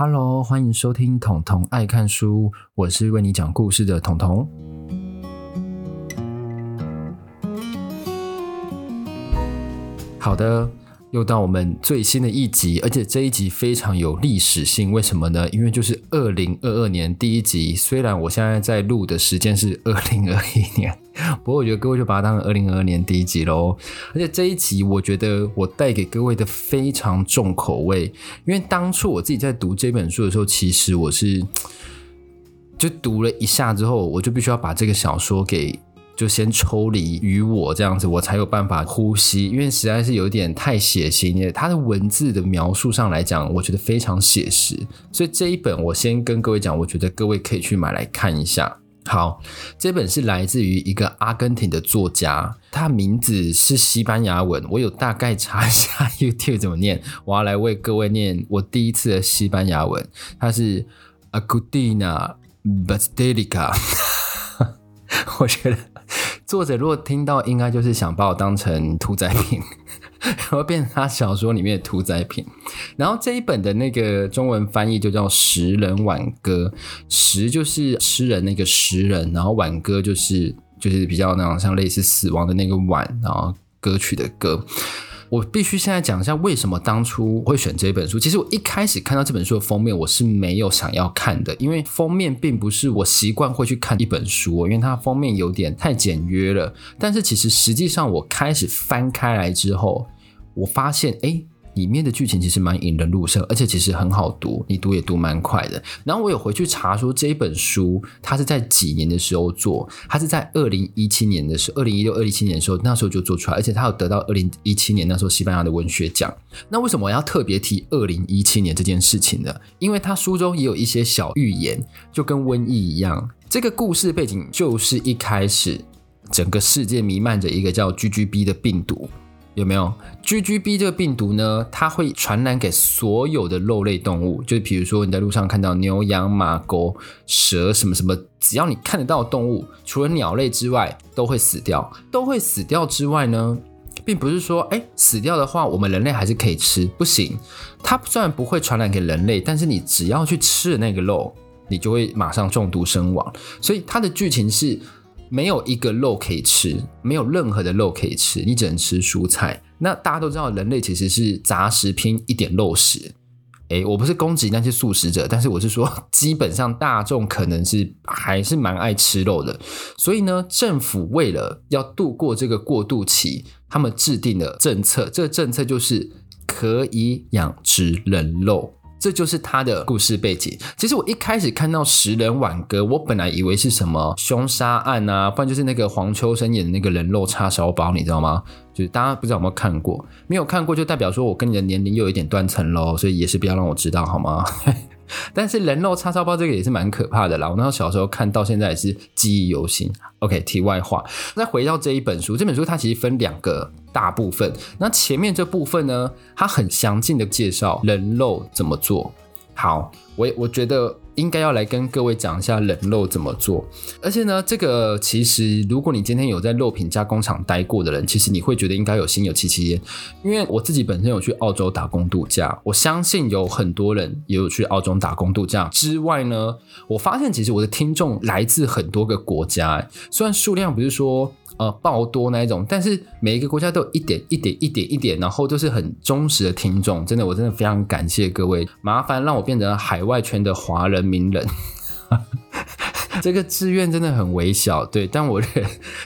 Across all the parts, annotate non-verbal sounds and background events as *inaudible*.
哈嘍，歡迎收聽《統統愛看書》，我是為你講故事的統統。好的。又到我們最新的一集，而且這一集非常有歷史性。為什麼呢？因為就是二零二二年第一集。雖然我現在在錄的時間是二零二一年，不過我覺得各位就把它當成二零二二年第一集嘍。而且這一集，我覺得我帶給各位的非常重口味。因為當初我自己在讀這本書的時候，其實我是就讀了一下之後，我就必須要把這個小說給。就先抽離於我這樣子，我才有辦法呼吸，因為實在是有點太血腥。它的文字的描述上來講，我覺得非常寫實，所以這一本我先跟各位講，我覺得各位可以去買來看一下。好，這本是來自於一個阿根廷的作家，他名字是西班牙文，我有大概查一下 YouTube 怎麼念，我要來為各位念我第一次的西班牙文，他是 Agustina Bazterrica， *laughs* 我覺得。作者如果聽到，應該就是想把我當成屠宰品，然 *laughs* 後變成他小說裡面的屠宰品。然後這一本的那個中文翻譯就叫《食人挽歌》，食就是吃人那個食人，然後挽歌就是就是比較那種像類似死亡的那個挽，然後歌曲的歌。我必須現在講一下為什麼當初會選這本書。其實我一開始看到這本書的封面，我是沒有想要看的，因為封面並不是我習慣會去看一本書，因為它封面有點太簡約了。但是其實實際上我開始翻開來之後，我發現，哎、欸。裡面的劇情其實蠻引人入勝，而且其實很好讀，你讀也讀蠻快的。然後我有回去查說這一本書，它是在幾年的時候做，它是在二零一七年的時候，二零一六、二零一七年的時候，那時候就做出來，而且它有得到二零一七年那時候西班牙的文學獎。那為什麼我要特別提二零一七年這件事情呢？因為它書中也有一些小預言，就跟瘟疫一樣，這個故事背景就是一開始整個世界瀰漫着一個叫 GGB 的病毒。有沒有 GGB 這個病毒呢？它會傳染給所有的肉類動物，就比如說你在路上看到牛、羊、馬、狗、蛇什麼什麼，只要你看得到動物，除了鳥類之外，都會死掉。都會死掉之外呢，並不是說哎、欸、死掉的話，我們人類還是可以吃。不行，它雖然不會傳染給人類，但是你只要去吃了那個肉，你就會馬上中毒身亡。所以它的劇情是。沒有一個肉可以吃，沒有任何的肉可以吃，你只能吃蔬菜。那大家都知道，人類其實是雜食，拼一點肉食。誒，我不是攻擊那些素食者，但是我是說，基本上大眾可能是還是蠻愛吃肉的。所以呢，政府為了要度過這個過渡期，他們制定了政策，這個政策就是可以養殖人肉。這就是他的故事背景。其實我一開始看到《食人輓歌》，我本來以為是什麼兇殺案啊，不然就是那個黃秋生演的那個人肉叉燒包，你知道嗎？就是大家不知道有沒有看過，沒有看過就代表說我跟你的年齡又有一點斷層嘍，所以也是不要讓我知道好嗎？ *laughs* 但是人肉叉燒包這個也是蠻可怕的啦，我那時候小時候看到現在也是記憶猶新。OK，題外話，再回到這一本書，這本書它其實分兩個大部分，那前面這部分呢，它很詳盡的介紹人肉怎麼做。好，我我覺得。應該要來跟各位講一下人肉怎麼做，而且呢，這個其實如果你今天有在肉品加工廠待過的人，其實你會覺得應該有心有戚戚焉，因為我自己本身有去澳洲打工度假，我相信有很多人也有去澳洲打工度假。之外呢，我發現其實我的聽眾來自很多個國家，雖然數量不是說。呃，爆多那一種，但是每一個國家都有一點一點一點一點，然後都是很忠實的聽眾，真的，我真的非常感謝各位，麻煩讓我變成海外圈的華人名人， *laughs* 這個志願真的很微小，對，但我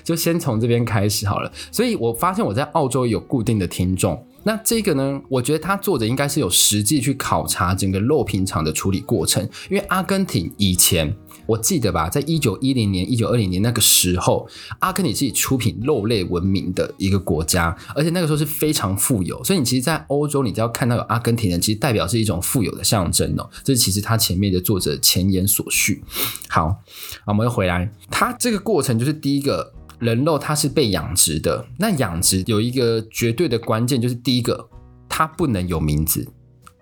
就先從這邊開始好了，所以我發現我在澳洲有固定的聽眾。那這個呢？我覺得他作者應該是有實際去考察整個肉品廠的處理過程，因為阿根廷以前我記得吧，在一九一零年、一九二零年那個時候，阿根廷是以出品肉類聞名的一個國家，而且那個時候是非常富有，所以你其實，在歐洲，你只要看到有阿根廷人，其實代表是一種富有的象徵哦。這是其實他前面的作者前言所述。好，我們又回來，他這個過程就是第一個。人肉它是被養殖的，那養殖有一個絕對的關鍵，就是第一個，它不能有名字。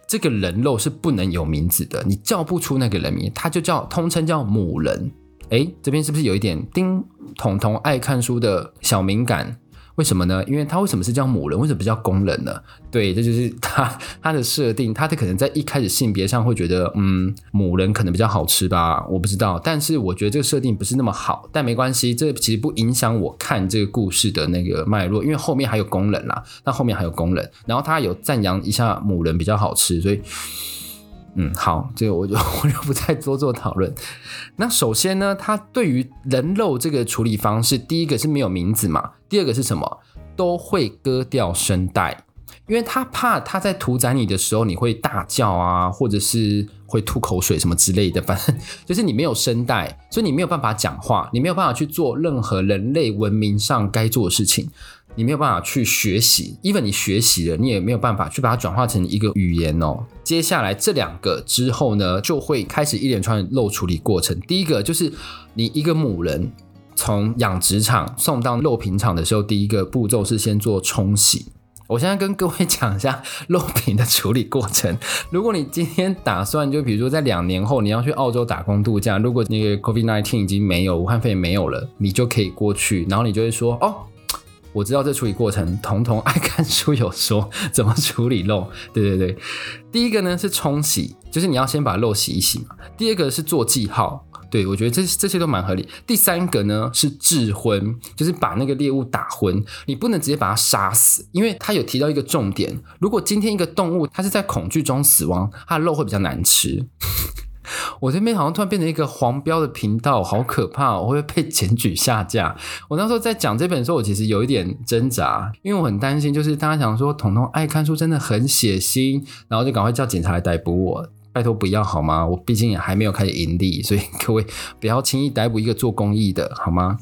這個人肉是不能有名字的，你叫不出那個人名，它就叫通稱叫母人。誒，這邊是不是有一點叮，統統愛看書的小敏感？為什麼呢？因為他為什麼是叫母人，為什麼不叫公人呢？對，這就是他他的設定，他的可能在一開始性別上會覺得，嗯，母人可能比較好吃吧，我不知道。但是我覺得這個設定不是那麼好，但沒關係，這其實不影響我看這個故事的那個脈絡，因為後面還有公人啦，那後面還有公人，然後他有贊揚一下母人比較好吃，所以。嗯，好，這個我就我就不再多做做討論。那首先呢，他對於人肉這個處理方式，第一個是沒有名字嘛，第二個是什麼，都會割掉聲帶，因為他怕他在屠宰你的時候你會大叫啊，或者是會吐口水什麼之類的，反正就是你沒有聲帶，所以你沒有辦法講話，你沒有辦法去做任何人類文明上該做的事情。你沒有辦法去學習，even 你學習了，你也沒有辦法去把它轉化成一個語言哦。接下來這兩個之後呢，就會開始一連串的肉處理過程。第一個就是你一個母人從養殖場送到肉品廠的時候，第一個步驟是先做沖洗。我現在跟各位講一下肉品的處理過程。如果你今天打算，就比如說在兩年後你要去澳洲打工度假，如果你那個 COVID-19 已經沒有，武漢肺炎沒有了，你就可以過去，然後你就會說哦。我知道這處理過程，統統愛看書有說怎麼處理肉。對對對，第一個呢是沖洗，就是你要先把肉洗一洗嘛。第二個是做記號，對我覺得這這些都蠻合理。第三個呢是致昏，就是把那個獵物打昏，你不能直接把它殺死，因為他有提到一個重點，如果今天一個動物它是在恐懼中死亡，它的肉會比較難吃。 *laughs* 我這邊好像突然變成一個黃標的頻道，好可怕喔！我會被檢舉下架。我那時候在講這本書的時候，我其實有一點掙扎，因為我很擔心，就是大家想說，彤彤愛看書真的很血腥，然後就趕快叫警察來逮捕我。拜托不要好嗎？我畢竟也還沒有開始盈利，所以各位不要輕易逮捕一個做公益的好嗎？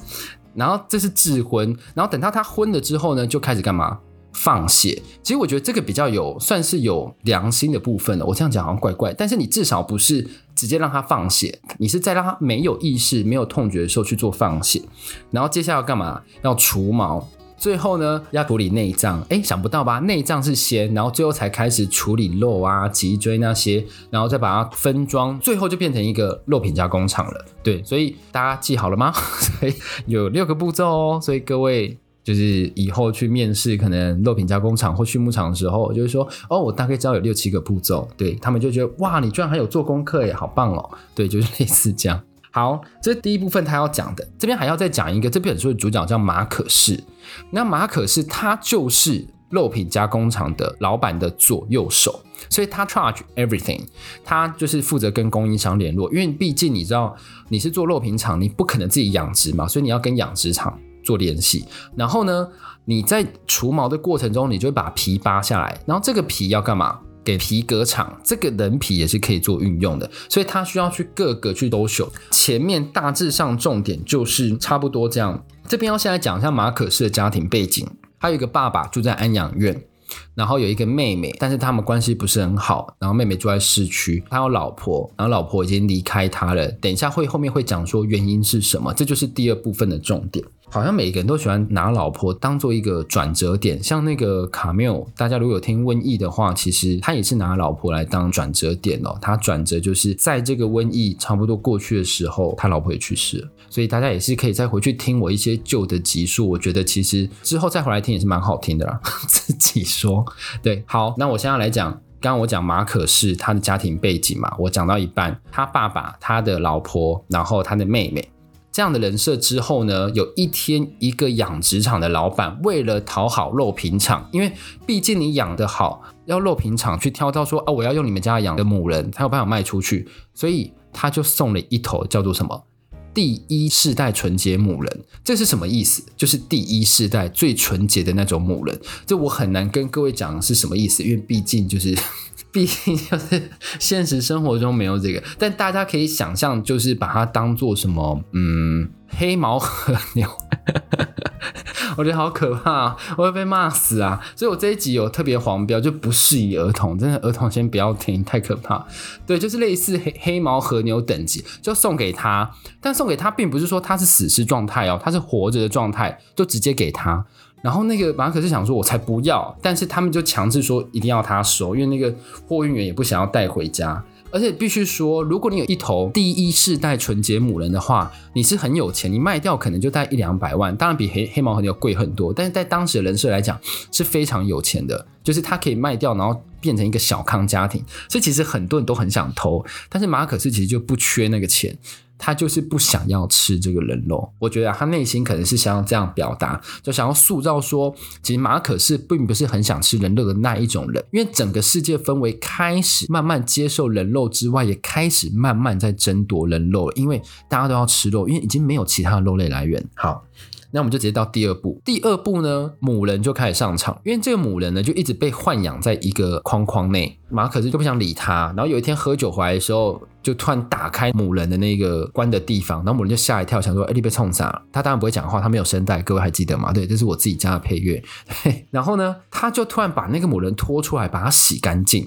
然後這是致昏，然後等到他昏了之後呢，就開始幹嘛？放血。其實我覺得這個比較有算是有良心的部分了。我這樣講好像怪怪，但是你至少不是。直接讓它放血，你是在讓它沒有意識、沒有痛覺的時候去做放血，然後接下來要幹嘛？要除毛，最後呢要處理內臟。哎，想不到吧？內臟是先，然後最後才開始處理肉啊、脊椎那些，然後再把它分裝，最後就變成一個肉品加工廠了。對，所以大家記好了嗎？所 *laughs* 以有六個步驟哦，所以各位。就是以後去面試可能肉品加工廠或畜牧場的時候，就是說哦，我大概知道有六七個步驟。對，他們就覺得哇，你居然還有做功課耶，好棒哦。對，就是類似這樣。好，這是第一部分他要講的。這邊還要再講一個，這邊書的主角叫馬可仕。那馬可仕他就是肉品加工廠的老板的左右手，所以他 charge everything，他就是負責跟供應商聯絡，因為畢竟你知道你是做肉品廠，你不可能自己養殖嘛，所以你要跟養殖場。做聯繫，然後呢，你在除毛的過程中，你就會把皮扒下來，然後這個皮要幹嘛？給皮革廠，這個人皮也是可以做運用的，所以他需要去各個去兜售。前面大致上重點就是差不多這樣。這邊要先來講一下馬可斯的家庭背景，他有一個爸爸住在安養院，然後有一個妹妹，但是他們關係不是很好。然後妹妹住在市區，他有老婆，然後老婆已經離開他了。等一下會後面會講說原因是什麼，這就是第二部分的重點。好像每個人都喜歡拿老婆當做一個轉折點，像那個卡繆，大家如果有聽瘟疫的話，其實他也是拿老婆來當轉折點哦、喔。他轉折就是在這個瘟疫差不多過去的時候，他老婆也去世了。所以大家也是可以再回去聽我一些舊的集數，我覺得其實之後再回來聽也是蠻好聽的啦。呵呵自己說，對，好，那我現在來講，剛剛我講馬可是他的家庭背景嘛，我講到一半，他爸爸、他的老婆，然後他的妹妹。這樣的人設之後呢，有一天一個養殖場的老闆為了討好肉品廠，因為畢竟你養得好，要肉品廠去挑到說啊，我要用你們家養的母人，才有辦法賣出去，所以他就送了一頭叫做什麼？第一世代純潔母人，這是什麼意思？就是第一世代最純潔的那種母人，這我很難跟各位講是什麼意思，因為畢竟就是，畢竟就是現實生活中沒有這個，但大家可以想象，就是把它當做什麼，嗯，黑毛和牛。我覺得好可怕，我會被罵死啊！所以我這一集有特別黃標，就不適宜兒童，真的兒童先不要聽，太可怕。對，就是類似黑黑毛和牛等級，就送給他。但送給他並不是說他是死屍狀態哦，他是活着的狀態，就直接給他。然後那個馬可斯想說，我才不要，但是他們就強制說一定要他收，因為那個貨運員也不想要帶回家。而且必須說，如果你有一頭第一世代純潔母人的話，你是很有錢。你賣掉可能就帶一兩百萬，當然比黑黑毛和牛要貴很多，但是在當時的人設來講是非常有錢的。就是他可以賣掉，然後變成一個小康家庭。所以其實很多人都很想偷，但是馬可斯其實就不缺那個錢。他就是不想要吃這個人肉，我覺得、啊、他內心可能是想要這樣表達，就想要塑造說，其實馬可是並不，不是很想吃人肉的那一種人，因為整個世界氛圍開始慢慢接受人肉之外，也開始慢慢在爭奪人肉，因為大家都要吃肉，因為已經沒有其他肉類來源。好。那我們就直接到第二步。第二步呢，母人就開始上場，因為這個母人呢就一直被豢養在一個框框內。馬可斯就不想理他，然後有一天喝酒回來的時候，就突然打開母人的那個關的地方，然後母人就嚇一跳，想說：“哎、欸，你被沖啥？”他當然不會講話，他沒有聲帶。各位還記得嗎？對，這是我自己家的配樂。然後呢，他就突然把那個母人拖出來，把他洗乾淨。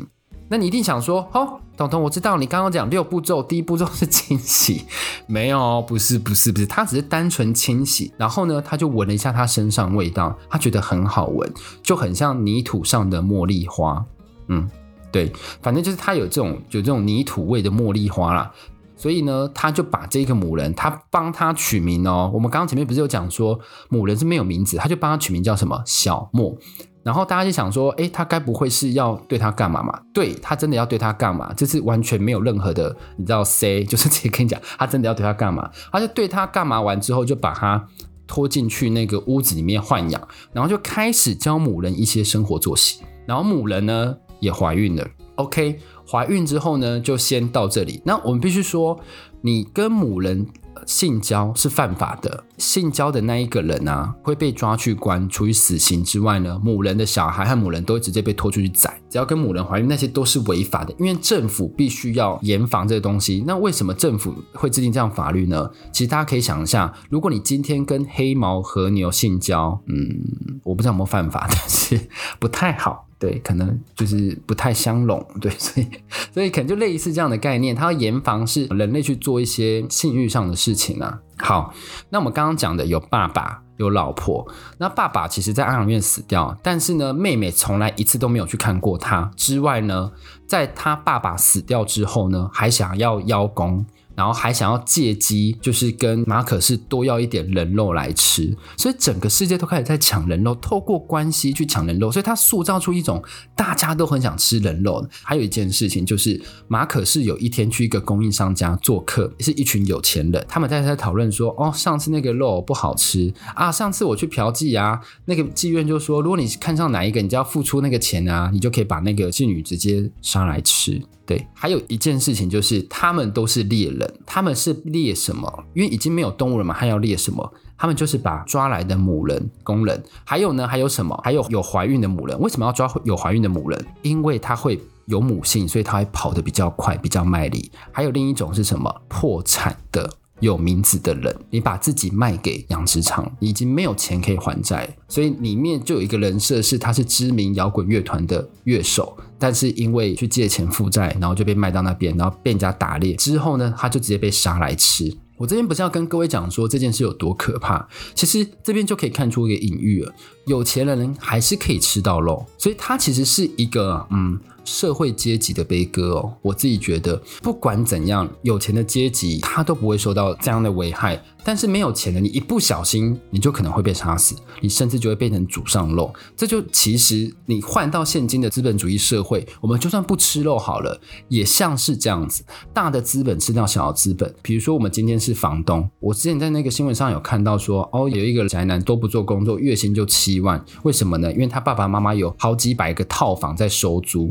那你一定想說：“哦。”彤彤，我知道你剛剛講六步驟，第一步驟是清洗，沒有，哦，不是，不是，不是，他只是單純清洗，然後呢，他就聞了一下他身上味道，他覺得很好聞，就很像泥土上的茉莉花，嗯，對，反正就是他有這種有這種泥土味的茉莉花啦，所以呢，他就把這個母人，他幫他取名哦，我們剛剛前面不是有講說母人是沒有名字，他就幫他取名叫什麼小茉。然後大家就想說，哎，他該不會是要對他幹嘛嘛？對，他真的要對他幹嘛？這次完全沒有任何的，你知道，say 就是直接跟你講，他真的要對他幹嘛？他就對他幹嘛完之後，就把他拖進去那個屋子裡面豢養，然後就開始教母人一些生活作息，然後母人呢也懷孕了，OK，懷孕之後呢就先到這裡。那我們必須說，你跟母人。性交是犯法的，性交的那一個人啊會被抓去關，處以死刑之外呢，母人的小孩和母人都會直接被拖出去宰。只要跟母人懷孕，那些都是違法的，因為政府必須要嚴防這些東西。那為什麼政府會制定這樣法律呢？其實大家可以想一下，如果你今天跟黑毛和牛性交，嗯，我不知道有沒有犯法，但是不太好。對，可能就是不太相容。對，所以，所以可能就類似這樣的概念，它要嚴防是人類去做一些性欲上的事情啊。好，那我們剛剛講的有爸爸有老婆，那爸爸其實在安養院死掉，但是呢，妹妹從來一次都沒有去看過他，之外呢，在他爸爸死掉之後呢，還想要邀功。然後還想要借機，就是跟馬可士多要一點人肉來吃，所以整個世界都開始在搶人肉，透過關係去搶人肉，所以他塑造出一種大家都很想吃人肉。還有一件事情就是，馬可士有一天去一個供應商家做客，是一群有錢人，他們在在討論說，哦，上次那個肉不好吃啊，上次我去嫖妓啊，那個妓院就說，如果你看上哪一個，你就要付出那個錢啊，你就可以把那個妓女直接殺來吃。對，還有一件事情就是，他們都是獵人，他們是獵什麼？因為已經沒有動物了嘛，他要獵什麼？他們就是把抓來的母人、工人，還有呢，還有什麼？還有有懷孕的母人，為什麼要抓有懷孕的母人？因為他會有母性，所以他會跑得比較快，比較賣力。還有另一種是什麼？破產的。有名字的人，你把自己賣給養殖場，你已經沒有錢可以還債，所以裡面就有一個人設是他是知名搖滾樂團的樂手，但是因為去借錢負債，然後就被賣到那邊，然後被人家打獵，之後呢，他就直接被殺來吃。我這邊不是要跟各位講說這件事有多可怕，其實這邊就可以看出一個隱喻了。有錢的人還是可以吃到肉，所以他其實是一個嗯社會階級的悲歌哦。我自己覺得，不管怎樣，有錢的階級他都不會受到這樣的危害，但是沒有錢的，你一不小心你就可能會被殺死，你甚至就會變成主上肉。這就其實你換到現今的資本主義社會，我們就算不吃肉好了，也像是這樣子，大的資本吃掉小的資本。比如說，我們今天是房東，我之前在那個新聞上有看到說，哦，有一個宅男都不做工作，月薪就七、一萬？為什麼呢？因為他爸爸媽媽有好幾百個套房在收租，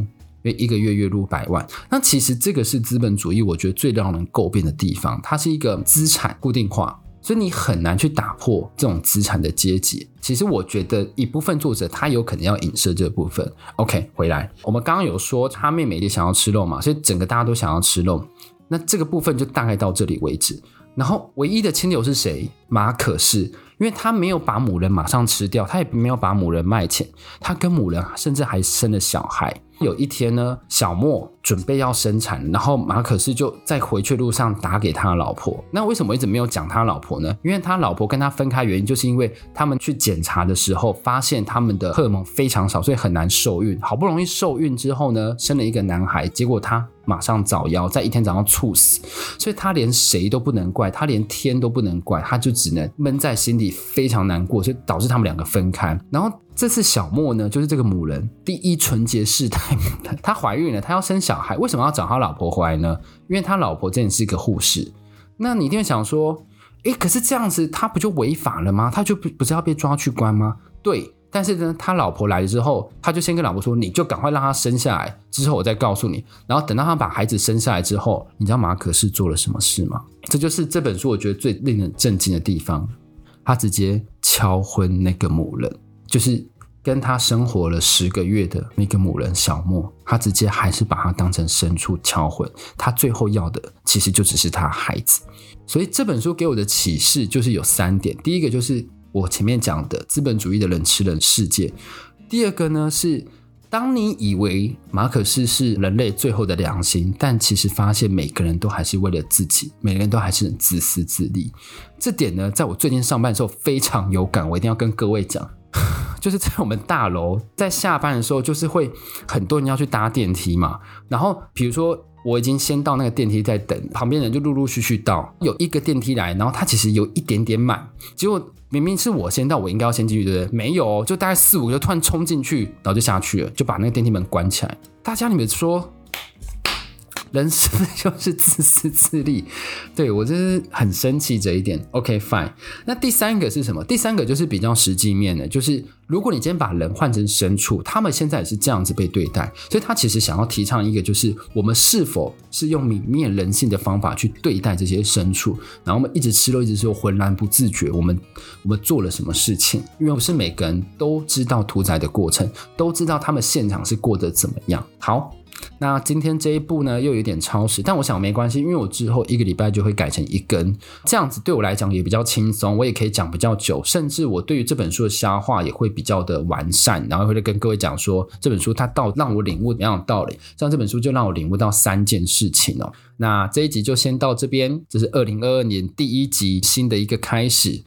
因為一個月月入百萬。那其實這個是資本主義，我覺得最讓人詬病的地方，它是一個資產固定化，所以你很難去打破這種資產的階級。其實我覺得一部分作者他有可能要影射這個部分。OK，回來，我們剛剛有說他妹妹也想要吃肉嘛，所以整個大家都想要吃肉，那這個部分就大概到這裡為止。然後唯一的清流是誰？馬可仕。因為他沒有把母人馬上吃掉，他也沒有把母人賣錢，他跟母人甚至還生了小孩。有一天呢，小莫準備要生產，然後馬可士就在回去路上打給他的老婆。那為什麼一直沒有講他老婆呢？因為他老婆跟他分開原因就是因為他們去檢查的時候發現他們的荷爾蒙非常少，所以很難受孕。好不容易受孕之後呢，生了一個男孩，結果他。馬上早夭，在一天早上猝死，所以他連誰都不能怪，他連天都不能怪，他就只能悶在心裡，非常難過，所以導致他們兩個分開。然後這次小莫呢，就是這個母人第一純潔世態，他懷孕了，他要生小孩，為什麼要找他老婆回來呢？因為他老婆真的是一個護士。那你一定會想說，誒，可是這樣子他不就違法了嗎？他就不不是要被抓去關嗎？對。但是呢，他老婆來了之後，他就先跟老婆說：“你就趕快讓他生下來，之後我再告訴你。”然後等到他把孩子生下來之後，你知道馬可仕做了什麼事嗎？這就是這本書我覺得最令人震驚的地方，他直接敲昏那個母人，就是跟他生活了十個月的那個母人小莫，他直接還是把他當成牲畜敲昏。他最後要的其實就只是他孩子，所以這本書給我的啟示就是有三點，第一個就是。我前面講的資本主義的人吃人世界，第二個呢是，當你以為馬克思是人類最後的良心，但其實發現每個人都還是為了自己，每個人都還是很自私自利。這點呢，在我最近上班的時候非常有感，我一定要跟各位講， *laughs* 就是在我們大樓在下班的時候，就是會很多人要去搭電梯嘛，然後比如說我已經先到那個電梯在等，旁邊人就陸陸續續續到，有一個電梯來，然後它其實有一點點滿，結果。明明是我先到，我應該要先進去，對不對？沒有，就大概四五個，就突然衝進去，然後就下去了，就把那個電梯門關起來。大家裡面說？人是不是就是自私自利？對，我就是很生氣這一點。OK fine。那第三個是什麼？第三個就是比較實際面的，就是如果你今天把人換成牲畜，他們現在也是這樣子被對待，所以他其實想要提倡一個，就是我們是否是用泯滅人性的方法去對待這些牲畜？然後我們一直吃肉，一直吃肉，渾然不自覺，我們我們做了什麼事情？因為不是每個人都知道屠宰的過程，都知道他們現場是過得怎麼樣。好。那今天這一部呢，又有點超時，但我想沒關係，因為我之後一個禮拜就會改成一更，這樣子對我來講也比較輕鬆，我也可以講比較久，甚至我對於這本書的消化也會比較的完善，然後會跟各位講說這本書它到讓我領悟怎麼樣的道理，像這本書就讓我領悟到三件事情哦、喔。那這一集就先到這邊，這是二零二二年第一集新的一個開始。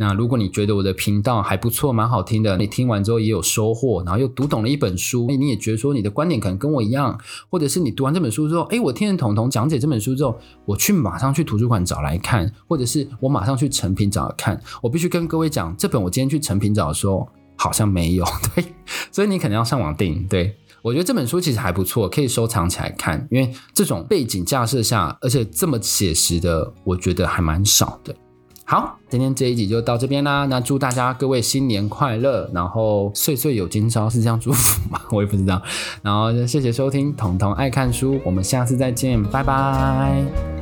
那如果你覺得我的頻道還不錯，蠻好聽的，你聽完之後也有收穫，然後又讀懂了一本書，哎，你也覺得說你的觀點可能跟我一樣，或者是你讀完這本書之後，誒，我聽了統統講解這本書之後，我去馬上去圖書館找來看，或者是我馬上去誠品找來看，我必須跟各位講，這本我今天去誠品找的時候好像沒有，對， *laughs* 所以你可能要上網訂。對，我覺得這本書其實還不錯，可以收藏起來看，因為這種背景架設下，而且這麼寫實的，我覺得還蠻少的。好，今天這一集就到這邊啦。那祝大家各位新年快樂，然後歲歲有今朝是這樣祝福嗎？ *laughs* 我也不知道。然後謝謝收聽彤彤愛看書，我們下次再見，拜拜。